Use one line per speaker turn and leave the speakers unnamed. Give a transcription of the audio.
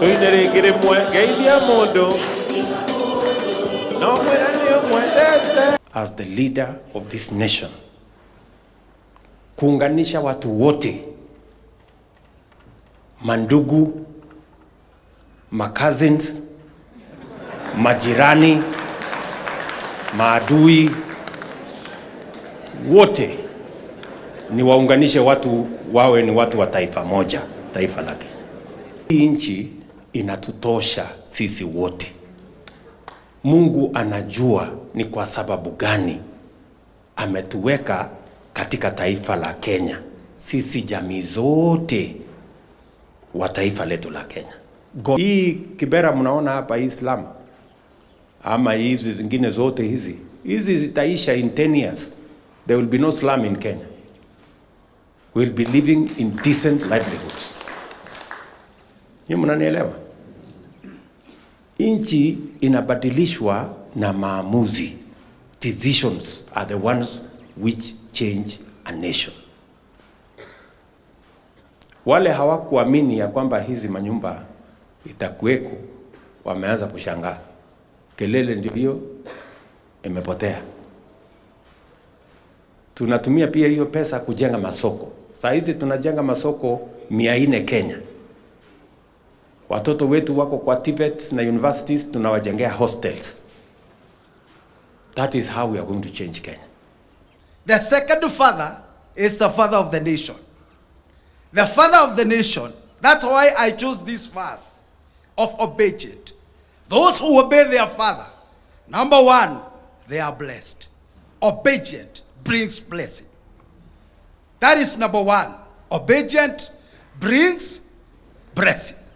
tuine ringi rimwe ngeithia mundu no mwira ni umwendete as the leader of this nation kuunganisha watu wote mandugu macousins majirani maadui wote ni waunganishe watu wawe ni watu wa taifa moja, taifa lake Kenya. Hii nchi inatutosha sisi wote. Mungu anajua ni kwa sababu gani ametuweka katika taifa la Kenya, sisi jamii zote wa taifa letu la Kenya. God. Hii Kibera mnaona hapa Islam ama hizi zingine zote hizi hizi zitaisha in 10 years. There will be no slum in Kenya. We'll be living in decent livelihood. Hii mnanielewa? Nchi inabadilishwa na maamuzi. Decisions are the ones which change a nation. Wale hawakuamini ya kwamba hizi manyumba itakuweko wameanza kushangaa. Kelele ndio hiyo imepotea. Tunatumia pia hiyo pesa kujenga masoko. Saa hizi tunajenga masoko mia nne Kenya. Watoto wetu wako kwa TVETs na universities, tunawajengea hostels. That is how we are going to change Kenya.
The second father is the father of the nation. The father of the nation, that's why I choose this verse of obedient. Those who obey their father, number one, they are blessed. Obedient brings blessing. That is number one. Obedient brings blessing.